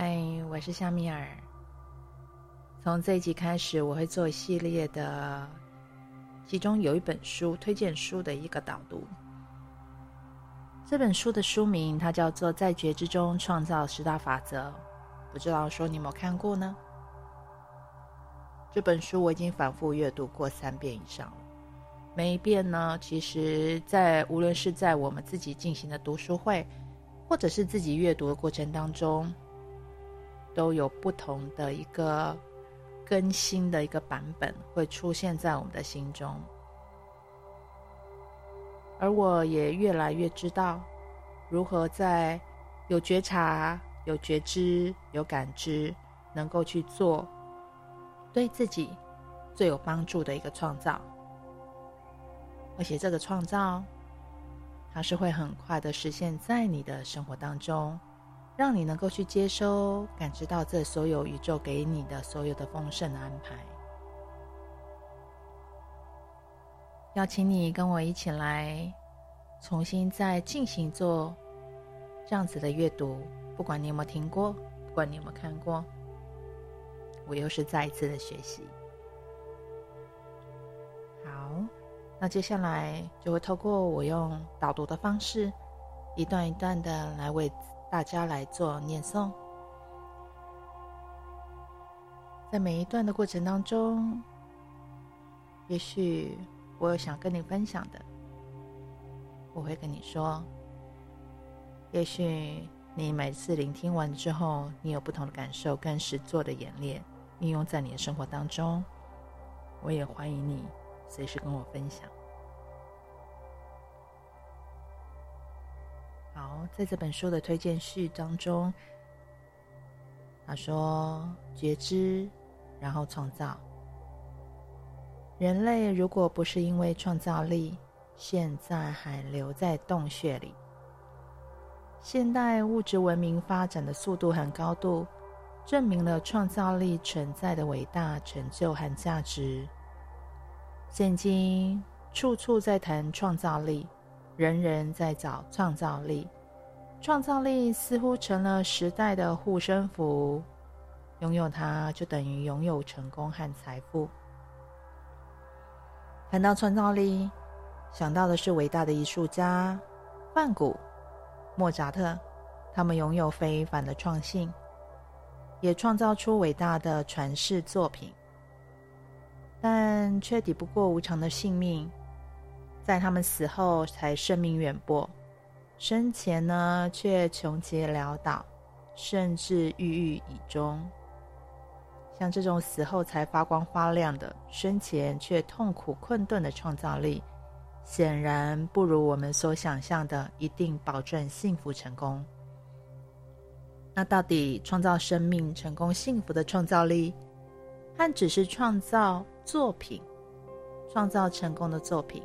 嗨，Hi, 我是夏米爾。從這一集開始，我會做系列的，其中有一本書推薦書的一個導讀。這本書的書名它叫做《在覺知中創造十大法則》，不知道說你有沒有看過呢？這本書我已經反復閱讀過三遍以上了。每一遍呢，其實在無論是在我們自己進行的讀書會，或者是自己閱讀的過程當中。都有不同的一個更新的一個版本會出現在我們的心中，而我也越來越知道如何在有覺察、有覺知、有感知，能夠去做對自己最有幫助的一個創造，而且這個創造它是會很快的實現在你的生活當中。讓你能夠去接收、感知到這所有宇宙給你的所有的豐盛的安排。邀請你跟我一起來重新再進行做這樣子的閱讀，不管你有沒有聽過，不管你有沒有看過，我又是再一次的學習。好，那接下來就會透過我用導讀的方式，一段一段的來為。大家來做念誦，在每一段的過程當中，也許我有想跟你分享的，我會跟你說。也許你每次聆聽完之後，你有不同的感受，跟實作的演練，應用在你的生活當中，我也歡迎你隨時跟我分享。在這本書的推薦序當中，他說：“覺知，然後創造。人類如果不是因為創造力，現在還留在洞穴裡。現代物質文明發展的速度和高度，證明了創造力存在的偉大成就和價值。現今處處在談創造力，人人在找創造力。”創造力似乎成了時代的護身符，擁有它就等於擁有成功和財富。談到創造力，想到的是偉大的藝術家，梵谷、莫扎特，他們擁有非凡的創性，也創造出偉大的傳世作品，但卻抵不過無常的性命，在他們死後才聲名遠播。生前呢，卻窮竭潦倒，倒，甚至鬱鬱以終。像這種死後才發光發亮的，生前卻痛苦困頓的創造力，顯然不如我們所想象的一定保證幸福成功。那到底創造生命成功幸福的創造力，和只是創造作品、創造成功的作品，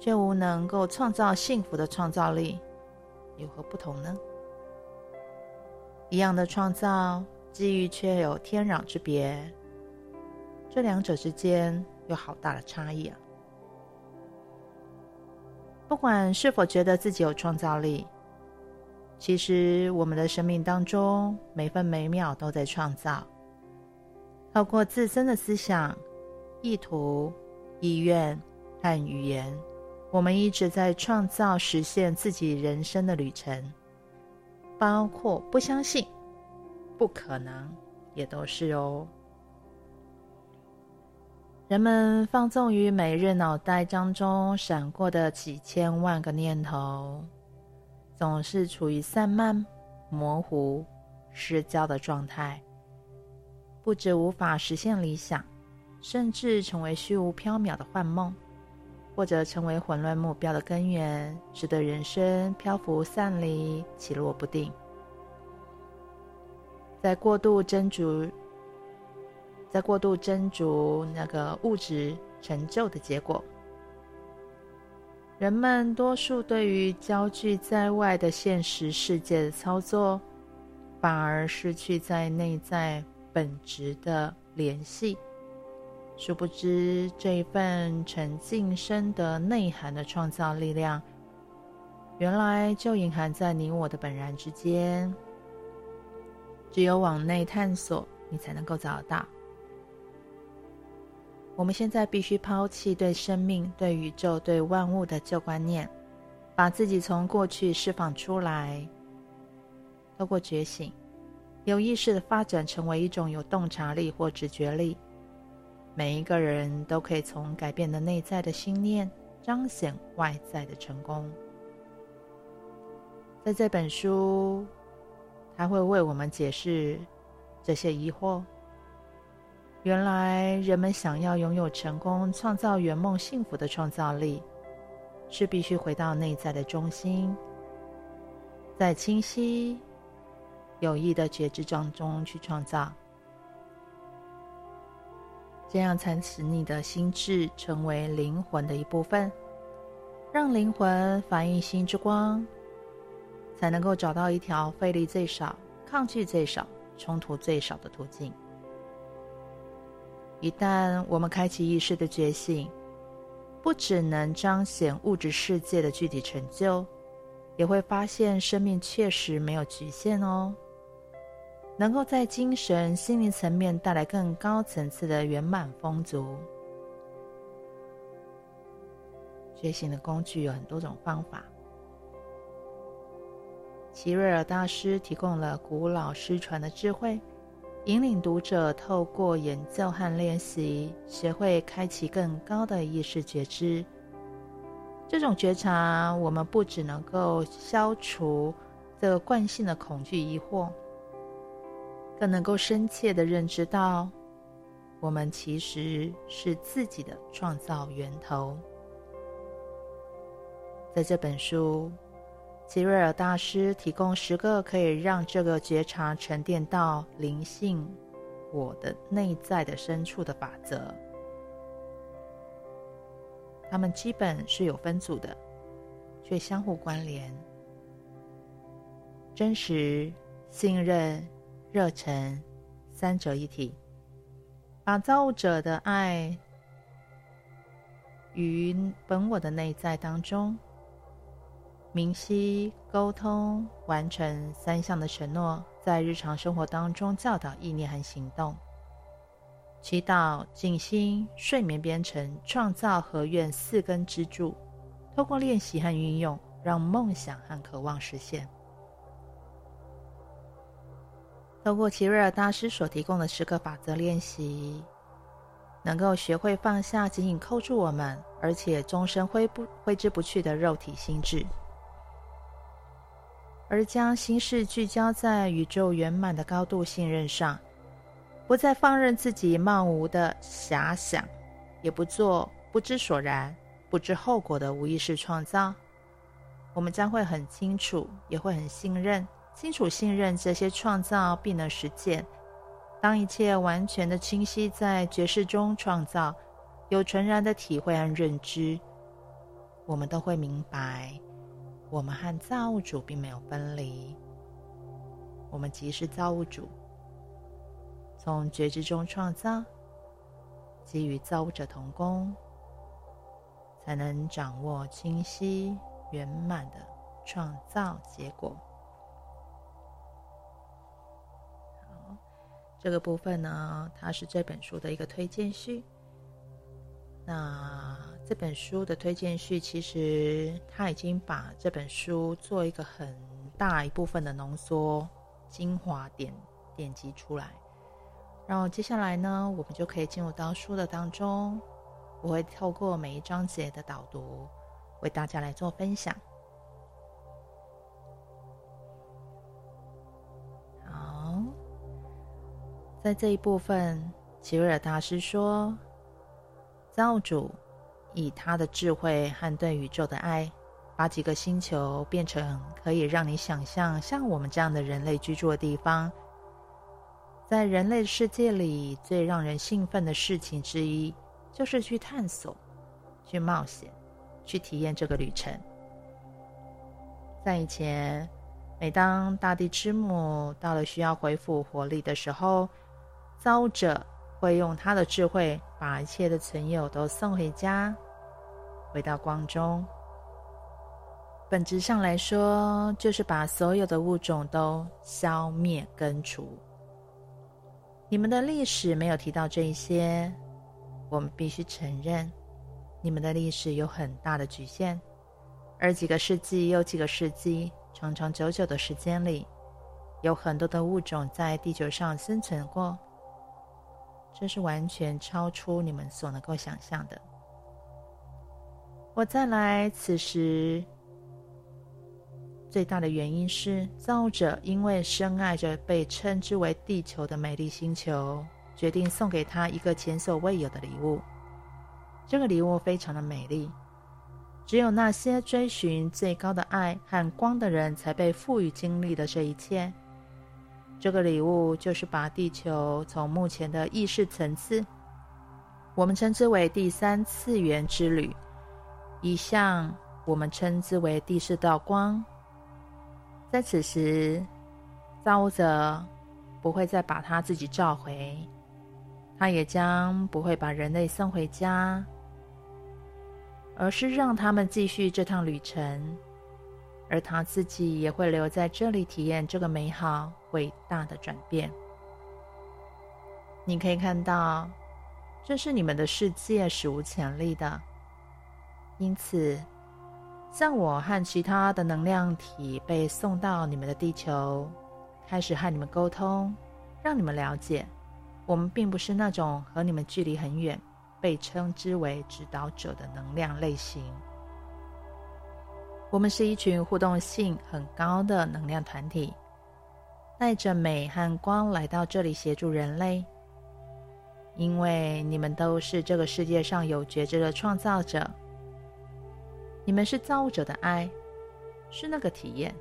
卻無能夠創造幸福的創造力？有何不同呢？一樣的創造，機遇卻有天壤之別。這兩者之間有好大的差異啊！不管是否覺得自己有創造力，其實我們的生命當中每分每秒都在創造，透過自身的思想、意圖、意願和語言。我們一直在創造實現自己人生的旅程，包括不相信、不可能，也都是哦。人們放縱於每日腦袋當中閃過的幾千萬個念頭，總是處於散漫、模糊、失焦的狀態，不止無法實現理想，甚至成為虛無縹緲的幻夢。或者成為混亂目標的根源，使得人生漂浮散離、起落不定。在過度斟酌，在過度斟酌那個物質成就的結果，人們多數對於焦聚在外的現實世界的操作，反而失去在內在本質的聯繫。殊不知，這一份沉浸深的內涵的創造力量，原來就隱含在你我的本然之間。只有往內探索，你才能夠找到。我們現在必須拋棄對生命、對宇宙、對萬物的舊觀念，把自己從過去釋放出來。透過覺醒，有意識的發展成為一種有洞察力或直覺力。每一個人都可以從改變的內在的信念彰顯外在的成功。在這本書，它會為我們解釋這些疑惑。原來，人們想要擁有成功、創造圓夢、幸福的創造力，是必須回到內在的中心，在清晰、有益的覺知當中去創造。這樣才使你的心智成為靈魂的一部分，讓靈魂反映心之光，才能夠找到一條費力最少、抗拒最少、衝突最少的途徑。一旦我們開啟意識的覺醒，不只能彰顯物質世界的具體成就，也會發現生命確實沒有侷限哦。能夠在精神、心理層面帶來更高層次的圓滿豐足。覺醒的工具有很多種方法。奇瑞爾大師提供了古老失傳的智慧，引領讀者透過演奏和練習，學會開啟更高的意識覺知。這種覺察，我們不只能夠消除這個慣性的恐懼、疑惑。更能夠深切地認知到，我們其實是自己的創造源頭。在這本書，吉瑞爾大師提供十個可以讓這個覺察沉澱到靈性我的內在的深處的法則。他們基本是有分組的，卻相互關聯。真實信任。熱忱，三者一體，把造物者的愛與本我的內在當中明晰溝通，完成三項的承諾，在日常生活當中教導意念和行動，祈禱、靜心、睡眠編程、創造和願四根支柱，通過練習和運用，讓夢想和渴望實現。透過齊瑞爾大師所提供的十個法則練習，能夠學會放下緊緊扣住我們而且終身揮不揮之不去的肉體心智，而將心事聚焦在宇宙圓滿的高度信任上，不再放任自己漫無的遐想，也不做不知所然不知後果的無意識創造，我們將會很清楚，也會很信任。清楚信任這些創造，並能實踐。當一切完全的清晰，在覺知中創造，有純然的體會和認知，我們都會明白，我們和造物主並沒有分離。我們即是造物主，從覺知中創造，給予造物者同工，才能掌握清晰圓滿的創造結果。這個部分呢，它是這本書的一個推薦序。那這本書的推薦序，其實它已經把這本書做一個很大一部分的濃縮精華點點擊出來。然後接下來呢，我們就可以進入到書的當中，我會透過每一章節的導讀，為大家來做分享。在這一部分，奇瑞爾大師說：“造主以他的智慧和對宇宙的愛，把幾個星球變成可以讓你想象像，像我們這樣的人類居住的地方。在人類世界裡，最讓人興奮的事情之一，就是去探索、去冒險、去體驗這個旅程。在以前，每當大地之母到了需要恢復活力的時候，”造物者會用他的智慧，把一切的存有都送回家，回到光中。本質上來說，就是把所有的物種都消滅根除。你們的歷史沒有提到這一些，我們必須承認，你們的歷史有很大的局限。而幾個世紀又幾個世紀，長長久久的時間裡，有很多的物種在地球上生存過。這是完全超出你們所能夠想象的。我再來，此時最大的原因是，造物者因為深愛着被稱之為地球的美麗星球，決定送給他一個前所未有的禮物。這個禮物非常的美麗，只有那些追尋最高的愛和光的人才被賦予經歷的這一切。這個禮物就是把地球從目前的意識層次，我們稱之為第三次元之旅，移向我們稱之為第四道光。在此時，造物者不會再把他自己召回，他也將不會把人類送回家，而是讓他們繼續這趟旅程。而他自己也會留在這裡，體驗這個美好偉大的轉變。你可以看到，這是你們的世界史無前例的。因此，像我和其他的能量體被送到你們的地球，開始和你們溝通，讓你們了解，我們並不是那種和你們距離很遠、被稱之為指導者的能量類型。我們是一群互動性很高的能量團體，帶着美和光來到這裡協助人類。因為你們都是這個世界上有覺知的創造者，你們是造物者的愛，是那個體驗。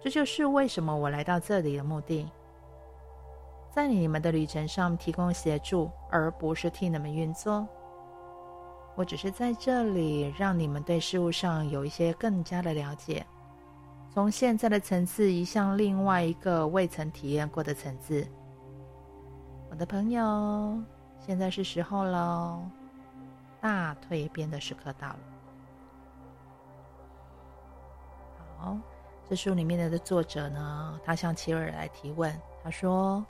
這就是為什麼我來到這裡的目的，在你們的旅程上提供協助，而不是替你們運作。我只是在這裡讓你們對事物上有一些更加的了解，從現在的層次移向另外一個未曾體驗過的層次。我的朋友，現在是時候了，大蛻變的時刻到了。好，這書裡面的的作者呢，他向齊爾來提問，他說：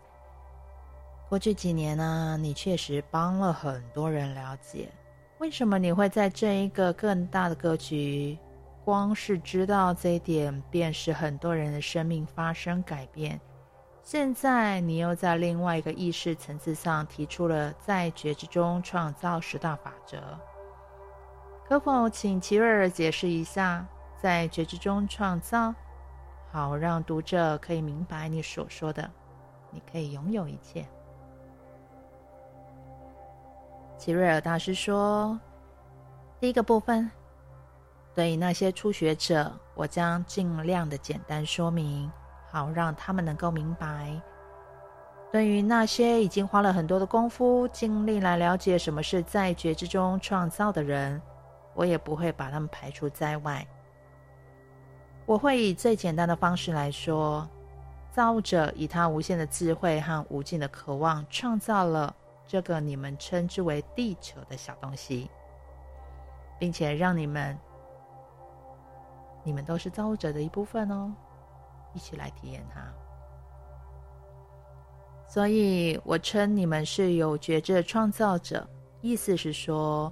過去幾年呢，啊，你確實幫了很多人了解。為什麼你會在這一個更大的格局？光是知道這一點，便使很多人的生命發生改變。現在你又在另外一個意識層次上提出了在覺知中創造十大法則，可否請齊瑞爾解釋一下，在覺知中創造，好讓讀者可以明白你所說的，你可以擁有一切。吉瑞爾大師說：“第一個部分，對於那些初學者，我將盡量的簡單說明，好讓他們能夠明白。對於那些已經花了很多的功夫、盡力來了解什麼是在覺知中創造的人，我也不會把他們排除在外。我會以最簡單的方式來說：造物者以他無限的智慧和無盡的渴望創造了。”這個你們稱之為地球的小東西，並且讓你們，你們都是造物者的一部分哦，一起來體驗它。所以，我稱你們是有覺知的創造者，意思是說，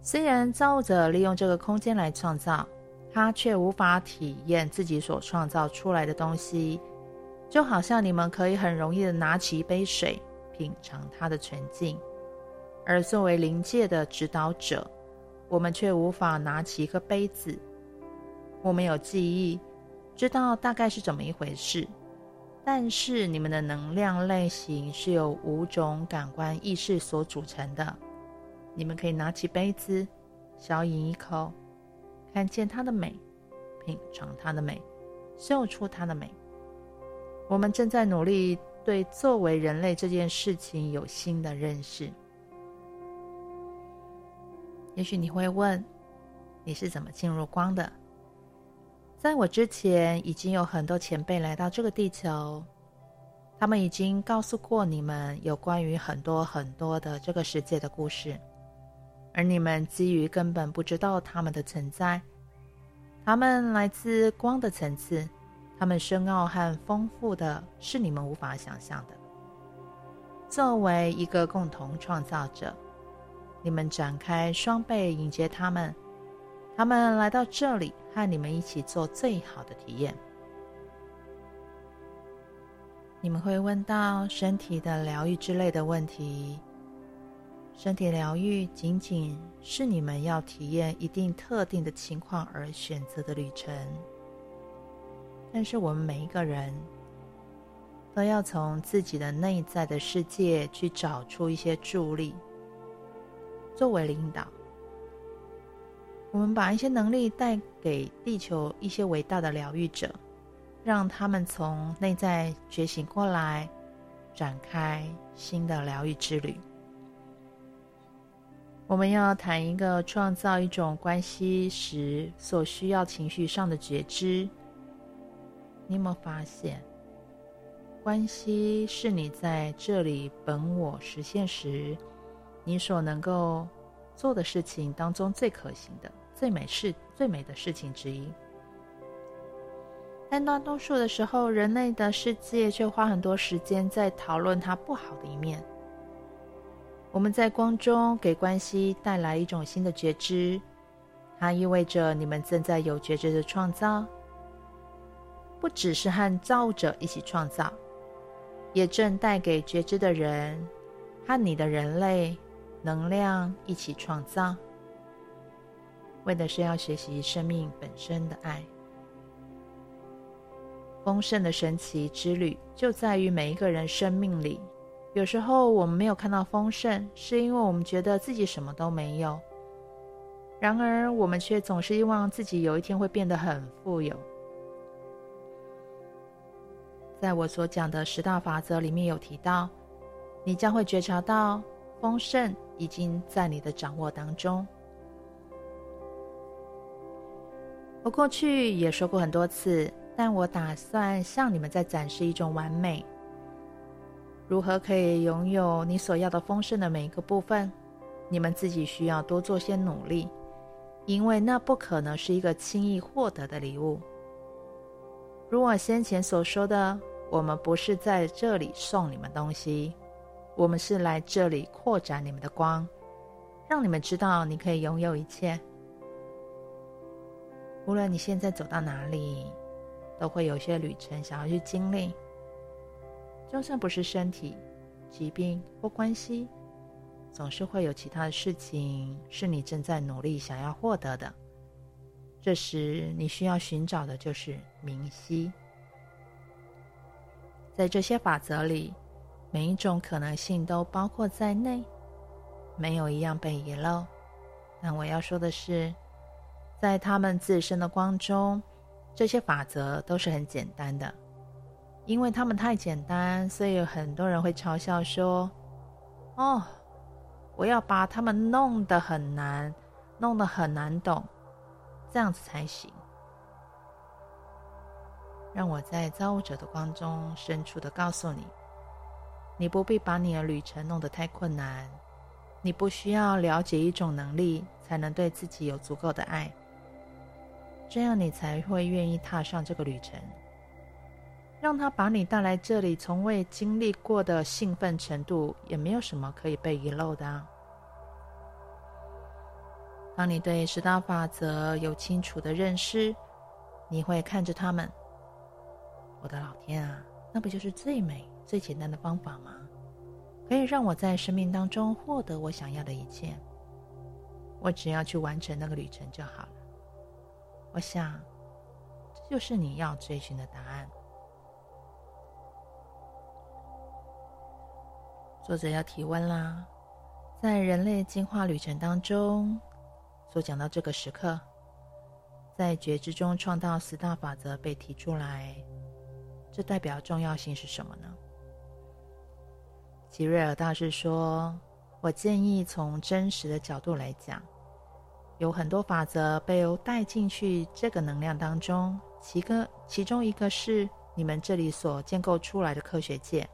雖然造物者利用這個空間來創造，他卻無法體驗自己所創造出來的東西，就好像你們可以很容易的拿起一杯水。品嘗它的純淨，而作為靈界的指導者，我們卻無法拿起一個杯子。我們有記憶，知道大概是怎麼一回事。但是你們的能量類型是由五種感官意識所組成的。你們可以拿起杯子，小飲一口，看見它的美，品嘗它的美，嗅出它的美。我們正在努力。對作為人類這件事情有新的認識。也許你會問，你是怎麼進入光的？在我之前，已經有很多前輩來到這個地球，他們已經告訴過你們有關於很多很多的這個世界的故事，而你們基於根本不知道他們的存在，他們來自光的層次。他們深奧和豐富的是你們無法想象的。作為一個共同創造者，你們展開雙臂迎接他們。他們來到這裡和你們一起做最好的體驗。你們會問到身體的療癒之類的問題。身體療癒僅僅是你們要體驗一定特定的情況而選擇的旅程。但是，我們每一個人都要從自己的內在的世界去找出一些助力。作為領導，我們把一些能力帶給地球一些偉大的療癒者，讓他們從內在覺醒過來，展開新的療癒之旅。我們要談一個創造一種關係時所需要情緒上的覺知。你有沒有發現，關係是你在這裡本我實現時，你所能夠做的事情當中最可行的、最美事、最美的事情之一。但大多數的時候，人類的世界卻花很多時間在討論它不好的一面。我們在光中給關係帶來一種新的覺知，它意味着你們正在有覺知的創造。不只是和造物者一起創造，也正帶給覺知的人和你的人類能量一起創造。為的是要學習生命本身的愛。豐盛的神奇之旅就在於每一個人生命裡。有時候我們沒有看到豐盛，是因為我們覺得自己什麼都沒有。然而，我們卻總是希望自己有一天會變得很富有。在我所講的十大法則裡面有提到，你將會覺察到豐盛已經在你的掌握當中。我過去也說過很多次，但我打算向你們再展示一種完美，如何可以擁有你所要的豐盛的每一個部分。你們自己需要多做些努力，因為那不可能是一個輕易獲得的禮物。如我先前所說的。我們不是在這裡送你們東西，我們是來這裡擴展你們的光，讓你們知道你可以擁有一切。無論你現在走到哪裡，都會有一些旅程想要去經歷。就算不是身體、疾病或關係，總是會有其他的事情是你正在努力想要獲得的。這時，你需要尋找的就是明晰。在這些法則裡，每一種可能性都包括在內，沒有一樣被遺漏。但我要說的是，在他們自身的光中，這些法則都是很簡單的。因為他們太簡單，所以有很多人會嘲笑說：“哦，我要把他們弄得很難，弄得很難懂，這樣子才行。”讓我在造物者的光中，深處的告訴你，你不必把你的旅程弄得太困難，你不需要了解一種能力才能對自己有足夠的愛，這樣你才會願意踏上這個旅程。讓他把你帶來這裡，從未經歷過的興奮程度，也沒有什麼可以被遺漏的。當你對十大法則有清楚的認識，你會看着他們。我的老天啊，那不就是最美、最簡單的方法嗎？可以讓我在生命當中獲得我想要的一切。我只要去完成那個旅程就好了。我想，這就是你要追尋的答案。作者要提問啦：在人類進化旅程當中，所講到這個時刻，在覺知中創造十大法則被提出來。這代表重要性是什麼呢？吉瑞爾大師說：“我建議從真實的角度來講，有很多法則被帶進去這個能量當中。其個其中一個是你們這裡所建構出來的科學界，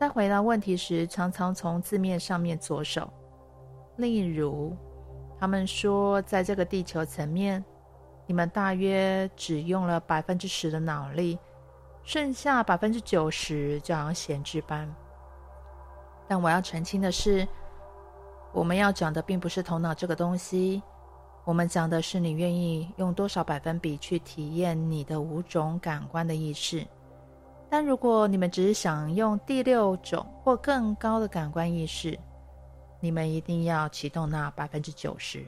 在回答問題時，常常從字面上面着手。例如，他們說，在這個地球層面，你們大約只用了百分之十的腦力。”剩下百分之九十就好像閒置般。但我要澄清的是，我們要講的並不是頭腦這個東西，我們講的是你願意用多少百分比去體驗你的五種感官的意識。但如果你們只是想用第六種或更高的感官意識，你們一定要啟動那百分之九十。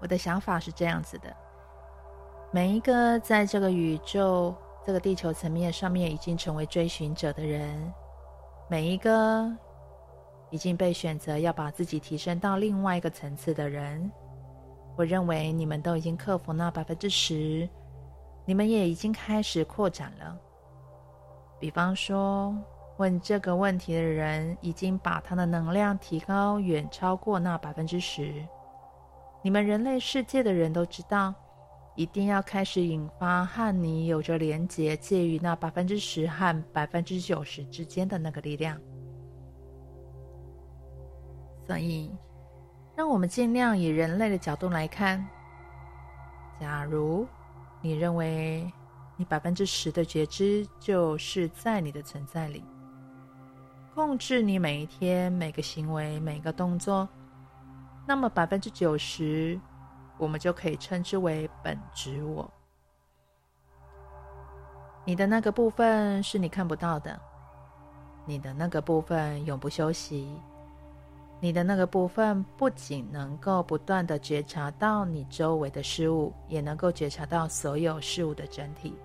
我的想法是這樣子的。每一個在這個宇宙、這個地球層面上面已經成為追尋者的人，每一個已經被選擇要把自己提升到另外一個層次的人，我認為你們都已經克服那百分之十，你們也已經開始擴展了。比方說，問這個問題的人已經把他的能量提高遠超過那百分之十。你們人類世界的人都知道。一定要開始引發和你有着連結、介於那百分之十和百分之九十之間的那個力量。所以，讓我們盡量以人類的角度來看。假如你認為你百分之十的覺知就是在你的存在裡，控制你每一天、每個行為、每個動作，那麼百分之九十。我們就可以稱之為本質我。你的那個部分是你看不到的，你的那個部分永不休息，你的那個部分不僅能夠不斷的覺察到你周圍的事物，也能夠覺察到所有事物的整體。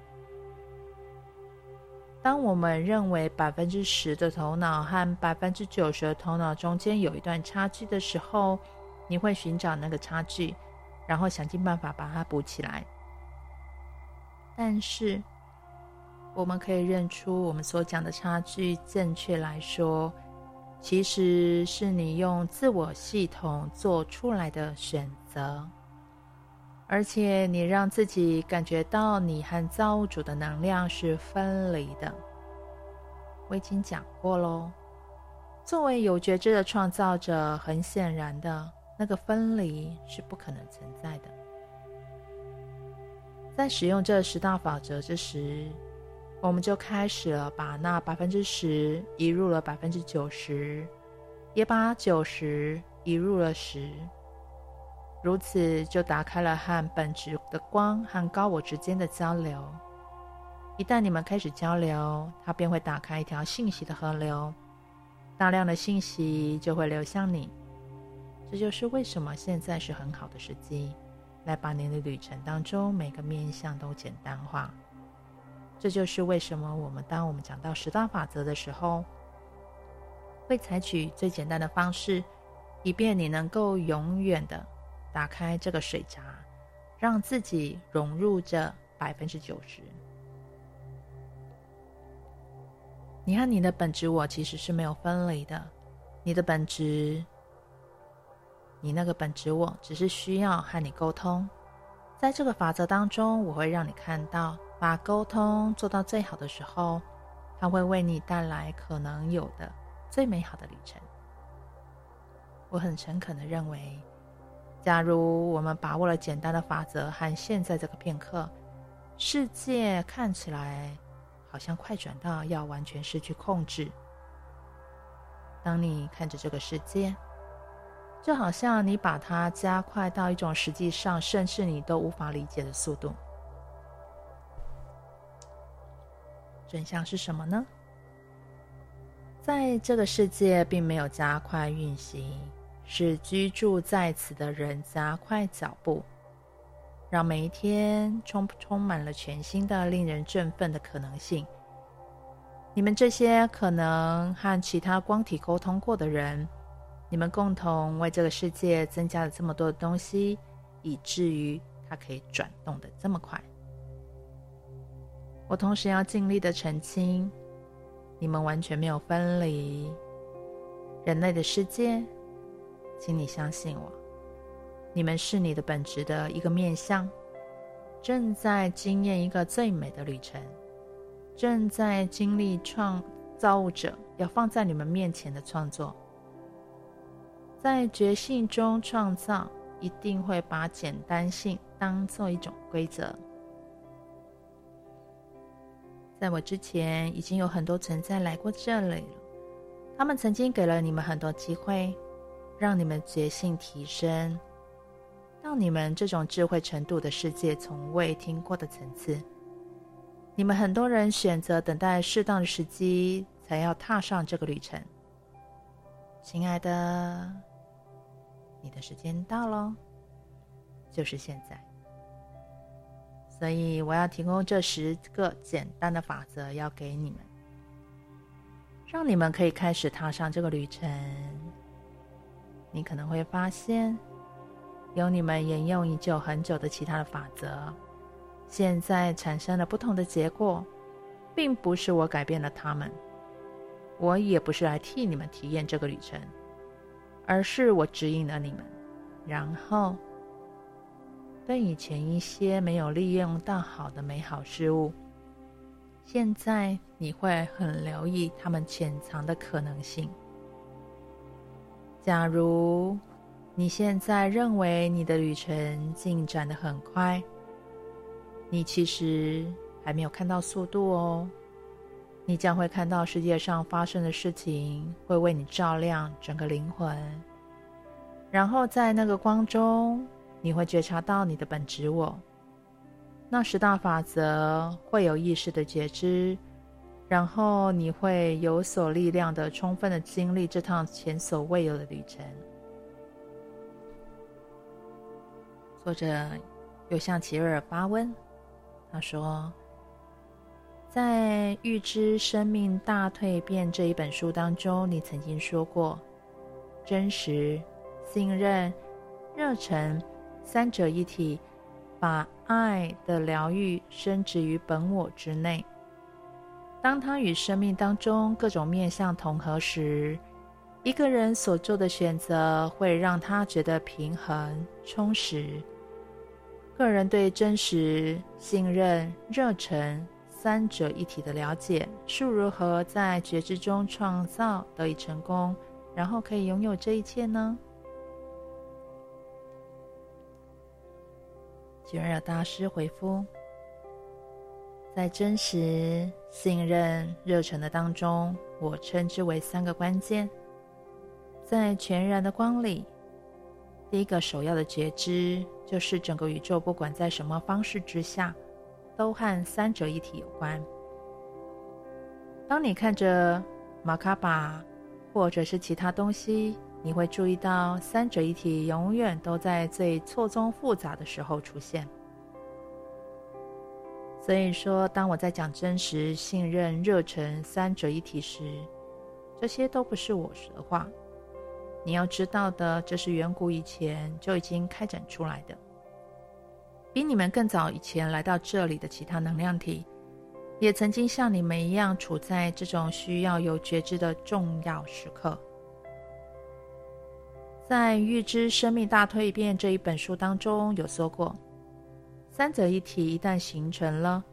當我們認為百分之十的頭腦和百分之九十的頭腦中間有一段差距的時候，你會尋找那個差距。然後想盡辦法把它補起來，但是我們可以認出我們所講的差距。正確來說，其實是你用自我系統做出來的選擇，而且你讓自己感覺到你和造物主的能量是分離的。我已經講過嘍，作為有覺知的創造者，很顯然的。那個分離是不可能存在的。在使用這十大法則之時，我們就開始了把那百分之十移入了百分之九十，也把九十移入了十，如此就打開了和本質的光和高我之間的交流。一旦你們開始交流，它便會打開一條信息的河流，大量的信息就會流向你。這就是為什麼現在是很好的時機，來把你的旅程當中每個面向都簡單化。這就是為什麼我們當我們講到十大法則的時候，會採取最簡單的方式，以便你能夠永遠的打開這個水閘，讓自己融入這百分之九十。你和你的本質我其實是沒有分離的，你的本質。你那個本質，我只是需要和你溝通。在這個法則當中，我會讓你看到，把溝通做到最好的時候，它會為你帶來可能有的最美好的旅程。我很誠懇地認為，假如我們把握了簡單的法則和現在這個片刻，世界看起來好像快轉到要完全失去控制。當你看着這個世界，就好像你把它加快到一種實際上甚至你都無法理解的速度。真相是什麼呢？在這個世界並沒有加快運行，使居住在此的人加快腳步，讓每一天充充滿了全新的、令人振奮的可能性。你們這些可能和其他光體溝通過的人。你們共同為這個世界增加了這麼多的東西，以至於它可以轉動的這麼快。我同時要盡力的澄清，你們完全沒有分離。人類的世界，請你相信我，你們是你的本質的一個面向，正在經驗一個最美的旅程，正在經歷創造物者要放在你們面前的創作。在覺知中創造，一定會把簡單性當做一種規則。在我之前，已經有很多存在來過這裡了。他們曾經給了你們很多機會，讓你們覺知提升到你們這種智慧程度的世界從未聽過的層次。你們很多人選擇等待適當的時機，才要踏上這個旅程，親愛的。你的時間到咯，就是現在。所以我要提供這十個簡單的法則，要給你們，讓你們可以開始踏上這個旅程。你可能會發現，有你們沿用已久很久的其他的法則，現在產生了不同的結果，並不是我改變了他們，我也不是來替你們體驗這個旅程。而是我指引了你們，然後，對以前一些沒有利用到好的美好事物，現在你會很留意他們潛藏的可能性。假如你現在認為你的旅程進展得很快，你其實還沒有看到速度哦。你將會看到世界上發生的事情會為你照亮整個靈魂，然後在那個光中，你會覺察到你的本質我。那十大法則會有意識的覺知，然後你會有所力量的充分的經歷這趟前所未有的旅程。作者又向齊爾巴問，他說。在《預知生命大蛻變》這一本書當中，你曾經說過，真實、信任、熱忱三者一體，把愛的療癒升殖於本我之內。當他與生命當中各種面向統合時，一個人所做的選擇會讓他覺得平衡充實。個人對真實、信任、熱忱。三者一體的了解，是如何在覺知中創造得以成功，然後可以擁有這一切呢？居然有大師回覆：在真實、信任、熱忱的當中，我稱之為三個關鍵。在全然的光裡，第一個首要的覺知就是整個宇宙，不管在什麼方式之下。都和三者一體有關。當你看着瑪卡巴，或者是其他東西，你會注意到三者一體永遠都在最錯綜複雜的時候出現。所以說，當我在講真實、信任、熱忱三者一體時，這些都不是我說的話。你要知道的，這是遠古以前就已經開展出來的。比你們更早以前來到這裡的其他能量體，也曾經像你們一樣處在這種需要有覺知的重要時刻。在《預知生命大蛻變》這一本書當中有說過，三者一體一旦形成了，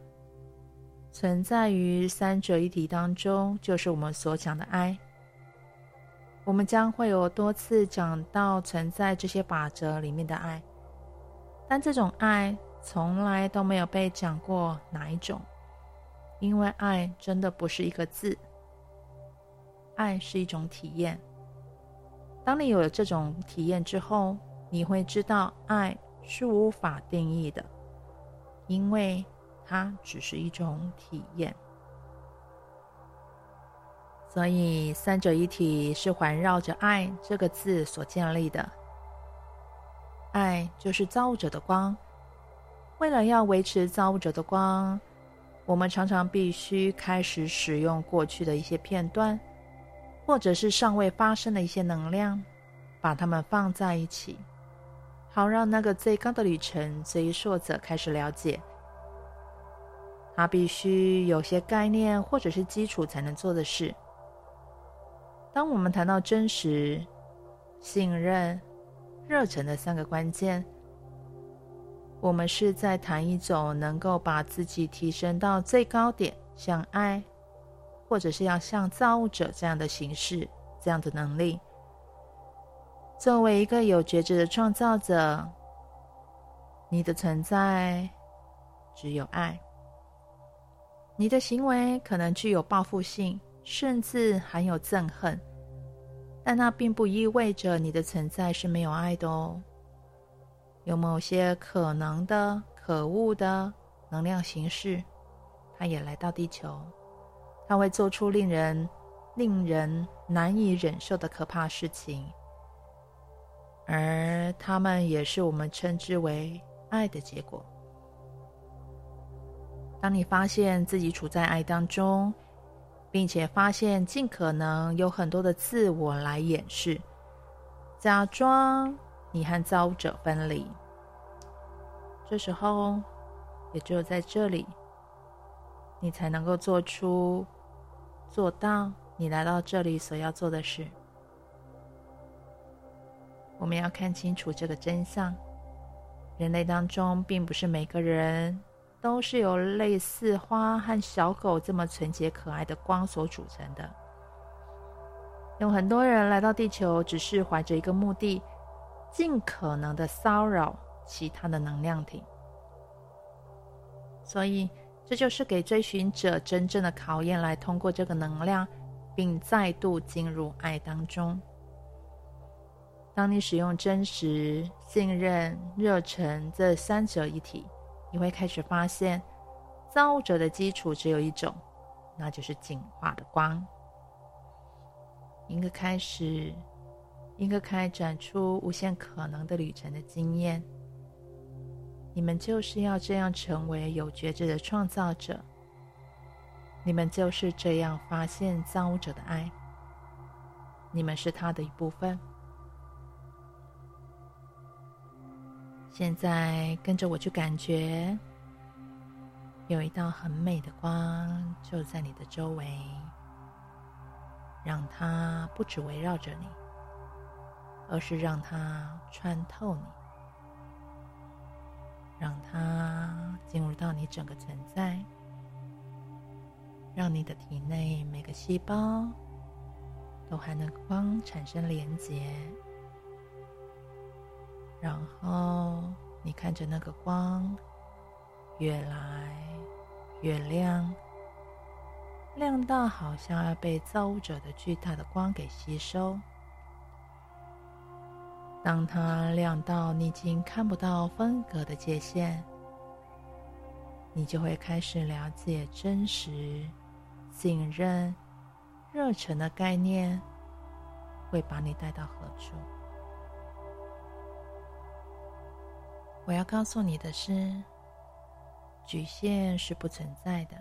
存在於三者一體當中，就是我們所講的愛。我們將會有多次講到存在這些法則裡面的愛。但這種愛從來都沒有被講過哪一種，因為愛真的不是一個字，愛是一種體驗。當你有了這種體驗之後，你會知道愛是無法定義的，因為它只是一種體驗。所以三者一體是環繞着“愛”這個字所建立的。愛就是造物者的光。為了要維持造物者的光，我們常常必須開始使用過去的一些片段，或者是尚未發生的一些能量，把它們放在一起，好讓那個最高的旅程、這一說者開始了解，他必須有些概念或者是基礎才能做的事。當我們談到真實、信任。熱忱的三個關鍵，我們是在談一種能夠把自己提升到最高點、像愛，或者是要像造物者這樣的形式、這樣的能力。作為一個有覺知的創造者，你的存在只有愛。你的行為可能具有報復性，甚至含有憎恨。但那並不意味着你的存在是沒有愛的哦。有某些可能的、可惡的能量形式，它也來到地球，它會做出令人、令人難以忍受的可怕事情，而它們也是我們稱之為愛的結果。當你發現自己處在愛當中，並且發現，盡可能有很多的自我來掩飾，假裝你和造物者分離。這時候，也只有在這裡，你才能夠做出做到你來到這裡所要做的事。我們要看清楚這個真相，人類當中，並不是每個人。都是由類似花和小狗這麼純潔可愛的光所組成的。有很多人來到地球，只是懷着一個目的，盡可能的騷擾其他的能量體。所以，這就是給追尋者真正的考驗，來通過這個能量，並再度進入愛當中。當你使用真實、信任、熱忱這三者一體。你會開始發現，造物者的基礎只有一種，那就是進化的光。一個開始，一個開展出無限可能的旅程的經驗。你們就是要這樣成為有覺知的創造者。你們就是這樣發現造物者的愛。你們是他的一部分。現在跟着我去感覺，有一道很美的光就在你的周圍，讓它不只圍繞着你，而是讓它穿透你，讓它進入到你整個存在，讓你的體內每個細胞都和那光產生連接。然後你看着那個光，越來越亮，亮到好像要被造物者的巨大的光給吸收。當它亮到你已經看不到分隔的界限，你就會開始了解真實、信任、熱忱的概念，會把你帶到何處。我要告訴你的是，局限是不存在的。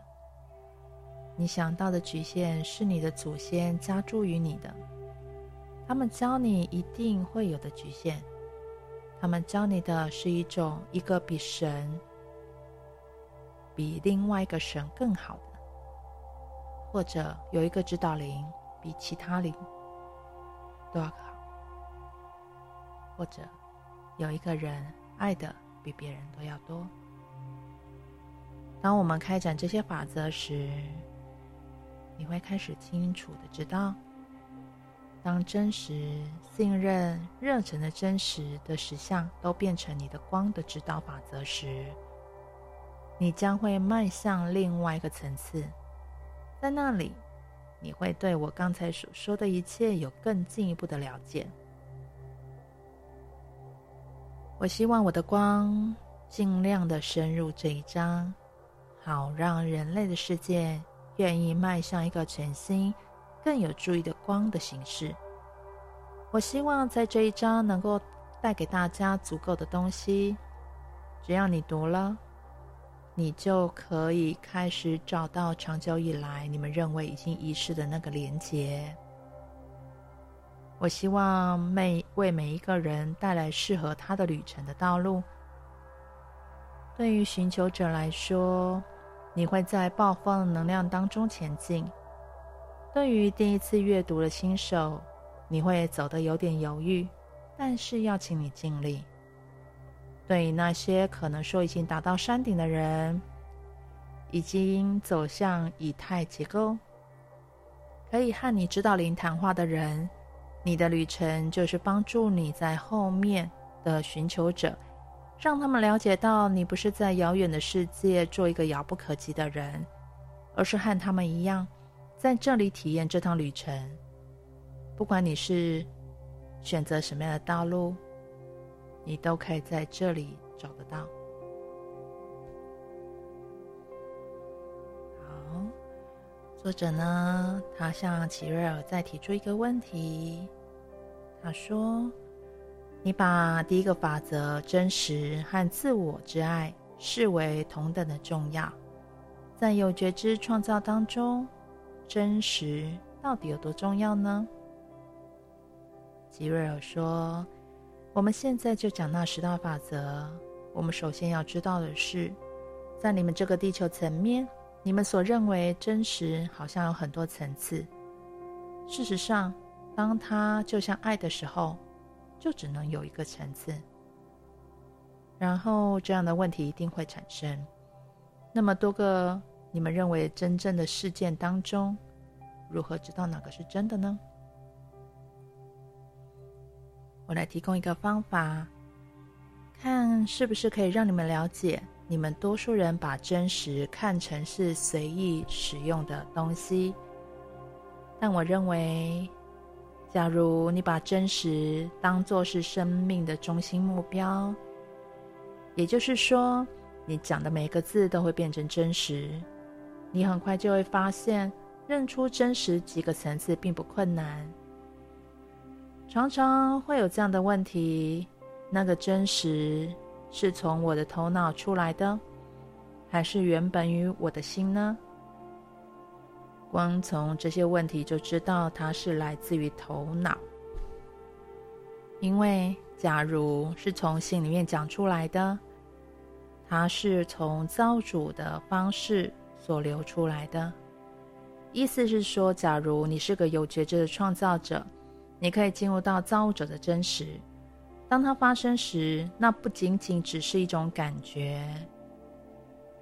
你想到的局限是你的祖先加諸於你的，他們教你一定會有的局限，他們教你的是一種一個比神、比另外一個神更好的，或者有一個指導靈比其他靈都要更好，或者有一個人。愛的比別人都要多。當我們開展這些法則時，你會開始清楚的知道，當真實、信任、熱忱的真實的實相都變成你的光的指導法則時，你將會邁向另外一個層次，在那裡，你會對我剛才所說的一切有更進一步的了解。我希望我的光盡量的深入這一章，好讓人類的世界願意邁向一個全新、更有助益的光的形式。我希望在這一章能夠帶給大家足夠的東西。只要你讀了，你就可以開始找到長久以來你們認為已經遺失的那個連結。我希望每為每一個人帶來適合他的旅程的道路。對於尋求者來說，你會在暴風能量當中前進；對於第一次閱讀的新手，你會走得有點猶豫，但是要請你盡力。對於那些可能說已經達到山頂的人，已經走向以太結構，可以和你指導靈談話的人。你的旅程就是幫助你在後面的尋求者，讓他們了解到你不是在遙遠的世界做一個遙不可及的人，而是和他們一樣，在這裡體驗這趟旅程。不管你是選擇什麼樣的道路，你都可以在這裡找得到。好，作者呢，他向奇瑞爾再提出一個問題。他說：“你把第一個法則‘真實’和‘自我之愛’視為同等的重要，在有覺知創造當中，真實到底有多重要呢？”吉瑞爾說：“我們現在就講那十大法則。我們首先要知道的是，在你們這個地球層面，你們所認為真實好像有很多層次。事實上。”當他就像愛的時候，就只能有一個層次。然後，這樣的問題一定會產生。那麼多個你們認為真正的事件當中，如何知道哪個是真的呢？我來提供一個方法，看是不是可以讓你們了解，你們多數人把真實看成是隨意使用的東西。但我認為。假如你把真實當作是生命的中心目標，也就是說，你講的每一個字都會變成真實，你很快就會發現，認出真實幾個層次並不困難。常常會有這樣的問題：那個真實是從我的頭腦出來的，還是原本於我的心呢？光從這些問題就知道，它是來自於頭腦。因為假如是從心裡面講出來的，它是從造主的方式所流出來的。意思是說，假如你是個有覺知的創造者，你可以進入到造物者的真實。當它發生時，那不僅僅只是一種感覺，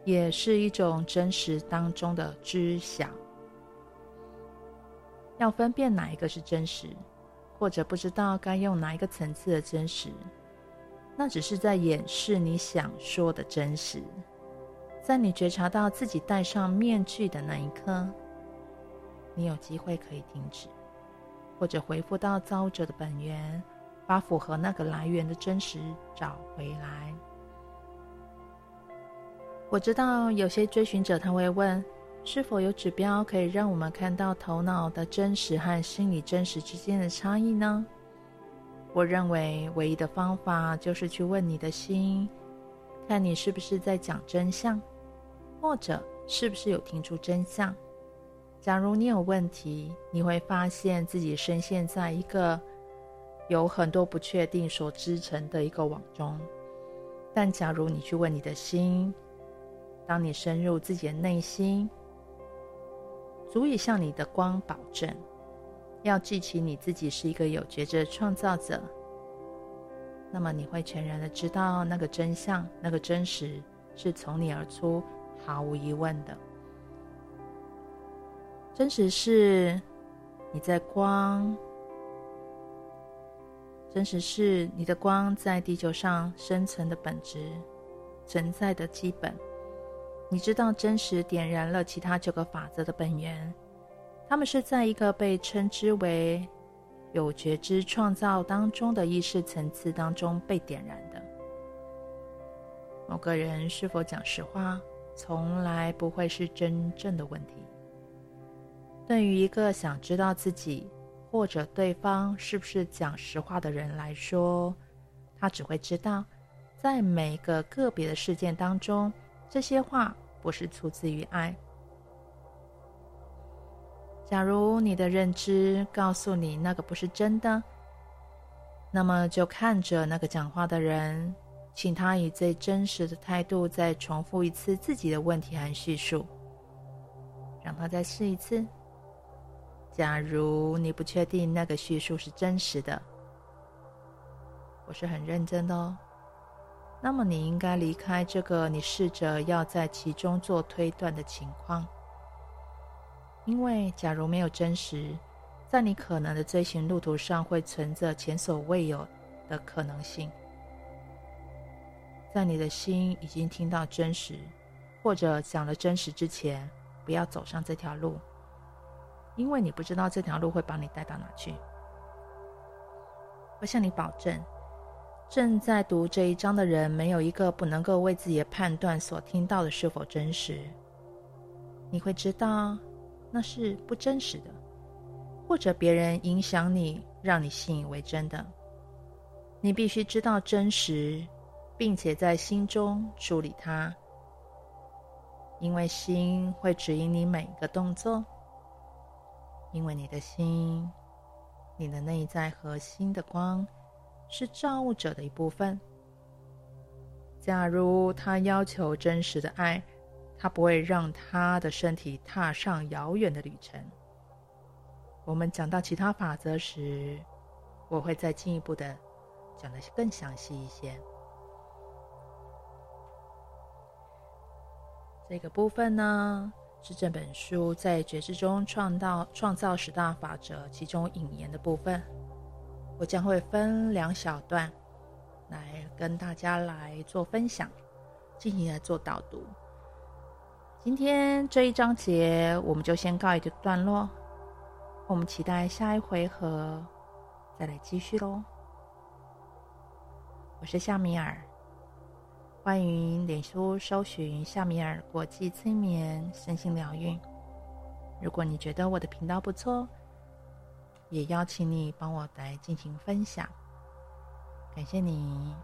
也是一種真實當中的知曉。要分辨哪一個是真實，或者不知道該用哪一個層次的真實，那只是在掩飾你想說的真實。在你覺察到自己戴上面具的那一刻，你有機會可以停止，或者回復到造者的本源，把符合那個來源的真實找回來。我知道有些追尋者他會問。是否有指標可以讓我們看到頭腦的真實和心理真實之間的差異呢？我認為唯一的方法就是去問你的心，看你是不是在講真相，或者是不是有聽出真相。假如你有問題，你會發現自己深陷在一個有很多不確定所織成的一個網中。但假如你去問你的心，當你深入自己的內心，足以向你的光保證，要記起你自己是一個有覺知的創造者。那麼你會全然的知道那個真相，那個真實是從你而出，毫無疑問的。真實是你在光，真實是你的光在地球上生存的本質，存在的基本。你知道，真實點燃了其他九個法則的本源。他們是在一個被稱之為“有覺知創造”當中的意識層次當中被點燃的。某個人是否講實話，從來不會是真正的問題。對於一個想知道自己或者對方是不是講實話的人來說，他只會知道，在每個個別的事件當中。這些話不是出自於愛。假如你的認知告訴你那個不是真的，那麼就看着那個講話的人，請他以最真實的態度再重複一次自己的問題和敘述，讓他再試一次。假如你不確定那個敘述是真實的，我是很認真的哦。那麼，你應該離開這個你試着要在其中做推斷的情況，因為假如沒有真實，在你可能的追尋路途上會存着前所未有的可能性。在你的心已經聽到真實，或者講了真實之前，不要走上這條路，因為你不知道這條路會把你帶到哪去。我向你保證。正在讀這一章的人，沒有一個不能夠為自己的判斷所聽到的是否真實。你會知道那是不真實的，或者別人影響你，讓你信以為真的。你必須知道真實，並且在心中處理它，因為心會指引你每一個動作。因為你的心，你的內在核心的光。是造物者的一部分。假如他要求真實的愛，他不會讓他的身體踏上遙遠的旅程。我們講到其他法則時，我會再進一步的講得更詳細一些。這個部分呢，是這本書在覺知中創造創造十大法則其中引言的部分。我將會分兩小段來跟大家來做分享，進行來做導讀。今天這一章節我們就先告一個段落，我們期待下一回合再來繼續嘍。我是夏米爾，歡迎臉書搜尋夏米爾國際催眠身心療癒。如果你覺得我的頻道不錯，也邀請你幫我來進行分享，感謝你。